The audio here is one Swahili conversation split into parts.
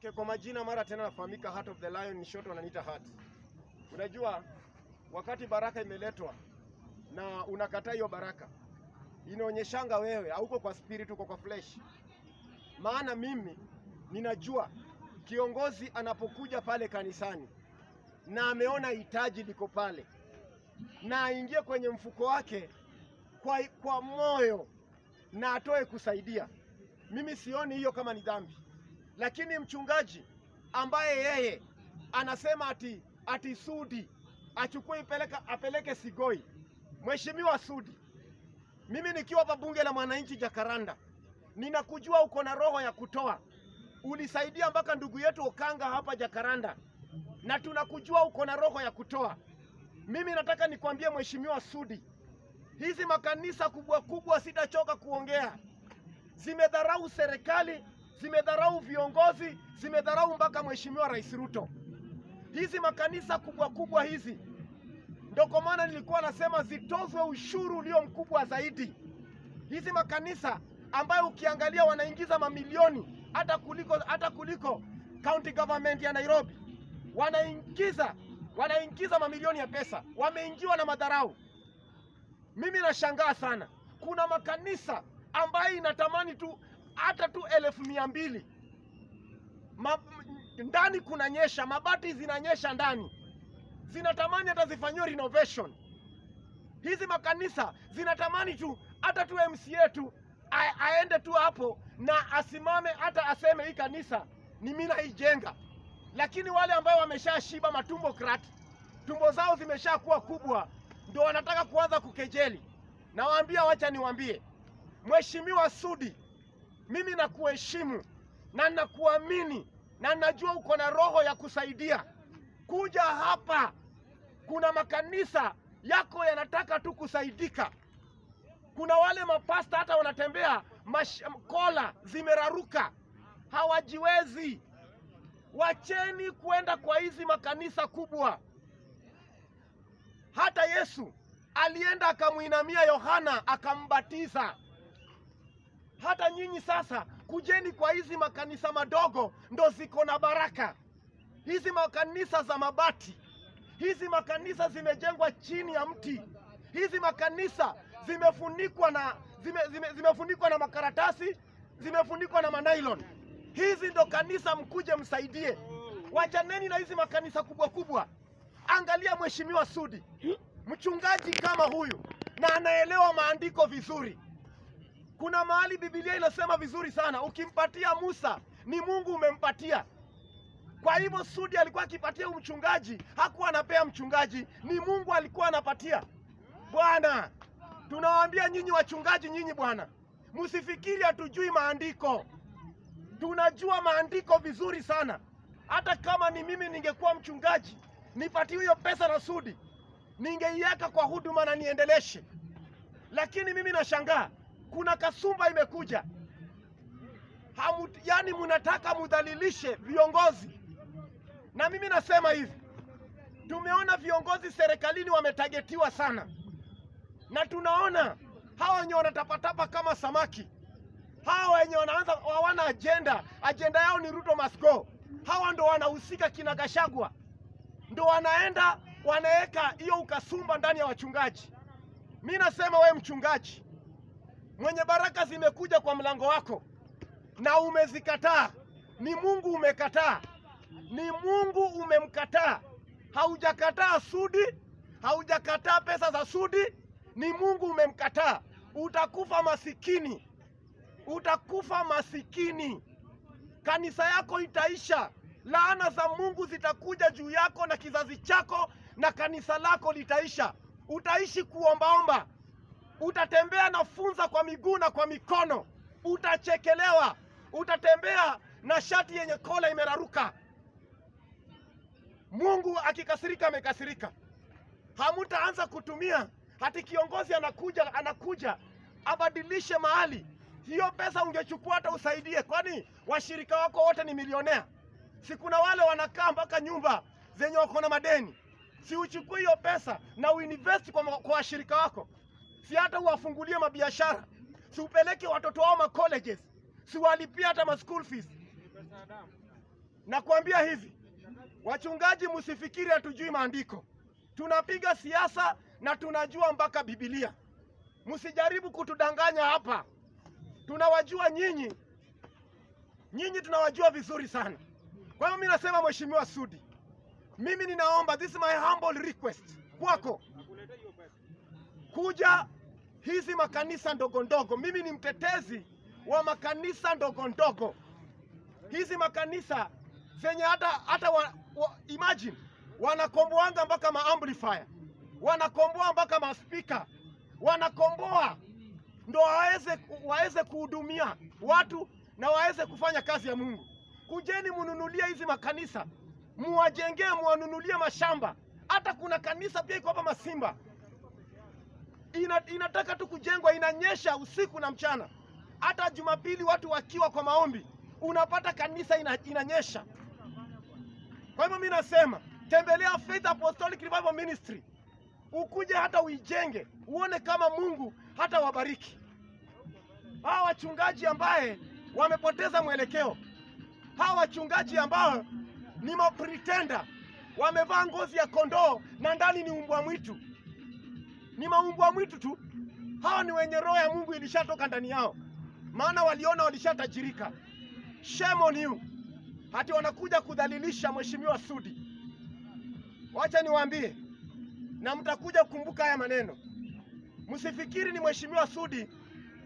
Okay, kwa majina mara tena nafahamika Heart of the Lion, shoto wananiita Heart. Unajua wakati baraka imeletwa na unakataa hiyo baraka, inaonyeshanga wewe hauko kwa spirit, uko kwa flesh. Maana mimi ninajua kiongozi anapokuja pale kanisani na ameona hitaji liko pale na aingie kwenye mfuko wake kwa, kwa moyo na atoe kusaidia, mimi sioni hiyo kama ni dhambi. Lakini mchungaji ambaye yeye anasema ati, ati Sudi achukue ipeleka apeleke Sigoi. Mheshimiwa Sudi, mimi nikiwa hapa bunge la mwananchi Jakaranda, ninakujua uko na roho ya kutoa. Ulisaidia mpaka ndugu yetu Okanga hapa Jakaranda, na tunakujua uko na roho ya kutoa. Mimi nataka nikwambie Mheshimiwa Sudi, hizi makanisa kubwa kubwa, sitachoka kuongea, zimedharau serikali zimedharau viongozi, zimedharau mpaka Mheshimiwa Rais Ruto. Hizi makanisa kubwa kubwa hizi ndio kwa maana nilikuwa nasema zitozwe ushuru ulio mkubwa zaidi. Hizi makanisa ambayo ukiangalia wanaingiza mamilioni hata kuliko hata kuliko county government ya Nairobi, wanaingiza wanaingiza mamilioni ya pesa, wameingiwa na madharau. Mimi nashangaa sana, kuna makanisa ambayo inatamani tu hata tu elfu mia mbili Ma, ndani nyesha mabati zinanyesha ndani, zinatamani hata zifanyiwe renovation. Hizi makanisa zinatamani tu hata tu MC yetu aende tu hapo na asimame hata aseme hii kanisa ni mimi naijenga. Lakini wale ambao wameshashiba matumbo krat, tumbo zao zimeshakuwa kubwa, ndio wanataka kuanza kukejeli. Nawaambia, wacha niwaambie Mheshimiwa Sudi mimi nakuheshimu na nakuamini na najua uko na roho ya kusaidia. Kuja hapa, kuna makanisa yako yanataka tu kusaidika. Kuna wale mapasta hata wanatembea kola zimeraruka, hawajiwezi. Wacheni kwenda kwa hizi makanisa kubwa. Hata Yesu alienda akamwinamia Yohana akambatiza. Hata nyinyi sasa kujeni kwa hizi makanisa madogo, ndo ziko na baraka. Hizi makanisa za mabati, hizi makanisa zimejengwa chini ya mti, hizi makanisa zimefunikwa na zime, zime, zimefunikwa na makaratasi, zimefunikwa na manailon. Hizi ndo kanisa, mkuje msaidie. Wachaneni na hizi makanisa kubwa kubwa. Angalia Mheshimiwa Sudi, mchungaji kama huyu, na anaelewa maandiko vizuri. Kuna mahali Biblia inasema vizuri sana, ukimpatia Musa ni Mungu umempatia. Kwa hivyo Sudi alikuwa akipatia umchungaji, hakuwa anapea mchungaji, ni Mungu alikuwa anapatia. Bwana, tunawaambia nyinyi wachungaji, nyinyi bwana, msifikiri hatujui maandiko. Tunajua maandiko vizuri sana. Hata kama ni mimi ningekuwa mchungaji, nipatie hiyo pesa na Sudi, ningeiweka kwa huduma na niendeleshe. Lakini mimi nashangaa kuna kasumba imekuja Hamu, yani mnataka mudhalilishe viongozi, na mimi nasema hivi, tumeona viongozi serikalini wametagetiwa sana, na tunaona hawa wenye wanatapatapa kama samaki, hawa wenye wanaanza hawana ajenda, ajenda yao ni Ruto must go. Hawa ndo wanahusika, kina Gashagwa ndo wanaenda wanaweka hiyo ukasumba ndani ya wachungaji. Mi nasema we mchungaji mwenye baraka zimekuja kwa mlango wako na umezikataa. Ni Mungu umekataa, ni Mungu umemkataa. Haujakataa sudi, haujakataa pesa za sudi, ni Mungu umemkataa. Utakufa masikini, utakufa masikini. Kanisa yako itaisha, laana za Mungu zitakuja juu yako na kizazi chako, na kanisa lako litaisha. Utaishi kuombaomba utatembea na funza kwa miguu na kwa mikono, utachekelewa. Utatembea na shati yenye kola imeraruka. Mungu akikasirika, amekasirika. Hamutaanza kutumia hati kiongozi anakuja anakuja abadilishe mahali. Hiyo pesa ungechukua hata usaidie, kwani washirika wako wote ni milionea. Si kuna wale wanakaa mpaka nyumba zenye wako na madeni, si uchukue hiyo pesa na uinvest kwa washirika wako si hata uwafungulie mabiashara, si upeleke watoto wao macolleges, si walipie hata ma school fees. Nakwambia hivi wachungaji, msifikiri hatujui maandiko, tunapiga siasa na tunajua mpaka Biblia. Msijaribu kutudanganya hapa, tunawajua nyinyi, nyinyi tunawajua vizuri sana. Kwa hiyo mimi nasema Mheshimiwa Sudi, mimi ninaomba, this is my humble request kwako, kuja hizi makanisa ndogo ndogo. Mimi ni mtetezi wa makanisa ndogo ndogo, hizi makanisa zenye hata hata wa, wa, imagine wanakomboanga mpaka amplifier wanakomboa mpaka maspika wanakomboa, ndo waweze waweze kuhudumia watu na waweze kufanya kazi ya Mungu. Kujeni mununulie hizi makanisa, muwajengee, muwanunulie mashamba. Hata kuna kanisa pia iko hapa Masimba ina, inataka tu kujengwa, inanyesha usiku na mchana, hata Jumapili watu wakiwa kwa maombi unapata kanisa ina, inanyesha. Kwa hivyo mi nasema tembelea Faith Apostolic Revival Ministry, ukuje hata uijenge, uone kama Mungu hata wabariki hawa wachungaji ambaye wamepoteza mwelekeo, hawa wachungaji ambao ni mapretenda, wamevaa ngozi ya kondoo na ndani ni umbwa mwitu ni maumbwa mwitu tu. Hawa ni wenye roho ya Mungu ilishatoka ndani yao, maana waliona walishatajirika. Shame on you! Hati wanakuja kudhalilisha mheshimiwa Sudi. Wacha niwaambie, na mtakuja kukumbuka haya maneno. Msifikiri ni mheshimiwa Sudi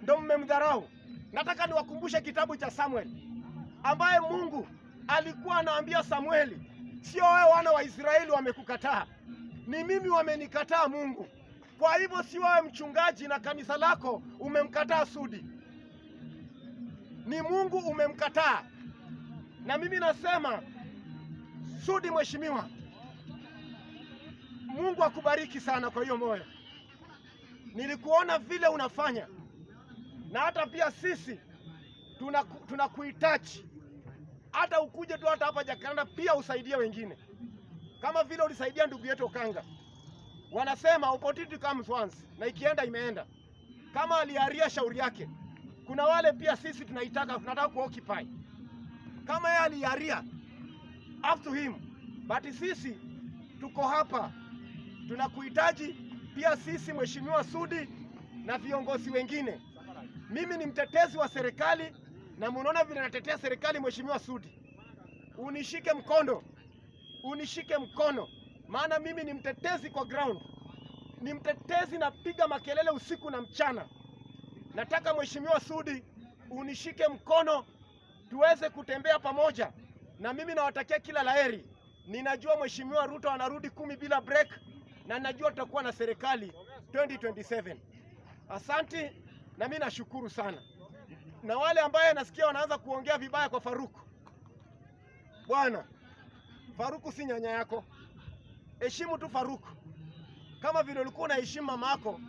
ndo mmemdharau. Nataka niwakumbushe kitabu cha Samueli ambaye Mungu alikuwa anaambia Samueli, sio wewe wana wa Israeli wamekukataa, ni mimi wamenikataa Mungu. Kwa hivyo si wewe mchungaji na kanisa lako umemkataa Sudi, ni Mungu umemkataa. Na mimi nasema Sudi, mheshimiwa, Mungu akubariki sana kwa hiyo moyo. Nilikuona vile unafanya, na hata pia sisi tunakuhitaji, tuna hata ukuje tu hata hapa Jakaranda pia usaidie wengine, kama vile ulisaidia ndugu yetu Okanga wanasema opportunity comes once, na ikienda imeenda. Kama aliaria shauri yake, kuna wale pia sisi tunaitaka tunataka kuoccupy. Kama yeye aliaria, up to him, but sisi tuko hapa, tunakuhitaji pia sisi, Mheshimiwa Sudi na viongozi wengine. Mimi ni mtetezi wa serikali na munaona vile natetea serikali. Mheshimiwa Sudi, unishike mkono, unishike mkono maana mimi ni mtetezi kwa ground, ni mtetezi, napiga makelele usiku na mchana. Nataka Mheshimiwa Sudi unishike mkono tuweze kutembea pamoja, na mimi nawatakia kila laheri. Ninajua Mheshimiwa Ruto anarudi kumi bila break, na ninajua tutakuwa na serikali 2027. asanti na mimi nashukuru sana. Na wale ambaye nasikia wanaanza kuongea vibaya kwa Faruku, bwana Faruku si nyanya yako heshimu tu Faruk kama vile ulikuwa unaheshimu yako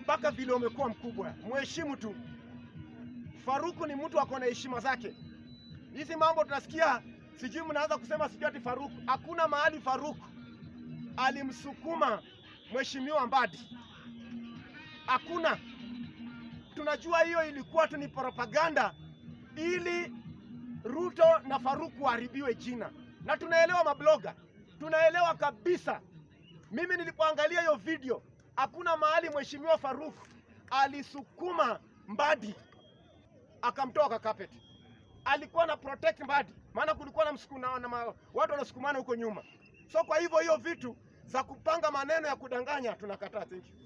mpaka vile umekuwa mkubwa, mheshimu tu. Faruku ni mtu ako na heshima zake. Hizi mambo tunasikia, sijui mnaanza kusema sijui ati Faruku. Hakuna mahali Faruku alimsukuma mheshimiwa Mbadi, hakuna. Tunajua hiyo ilikuwa tu ni propaganda ili Ruto na Faruku waharibiwe jina, na tunaelewa mabloga tunaelewa kabisa. Mimi nilipoangalia hiyo video, hakuna mahali mheshimiwa Faruk alisukuma Mbadi akamtoa kwa carpet. Alikuwa na protect Mbadi, maana kulikuwa na msukuna na watu wanasukumana huko nyuma. So kwa hivyo hiyo vitu za kupanga maneno ya kudanganya tunakataa. Thank you.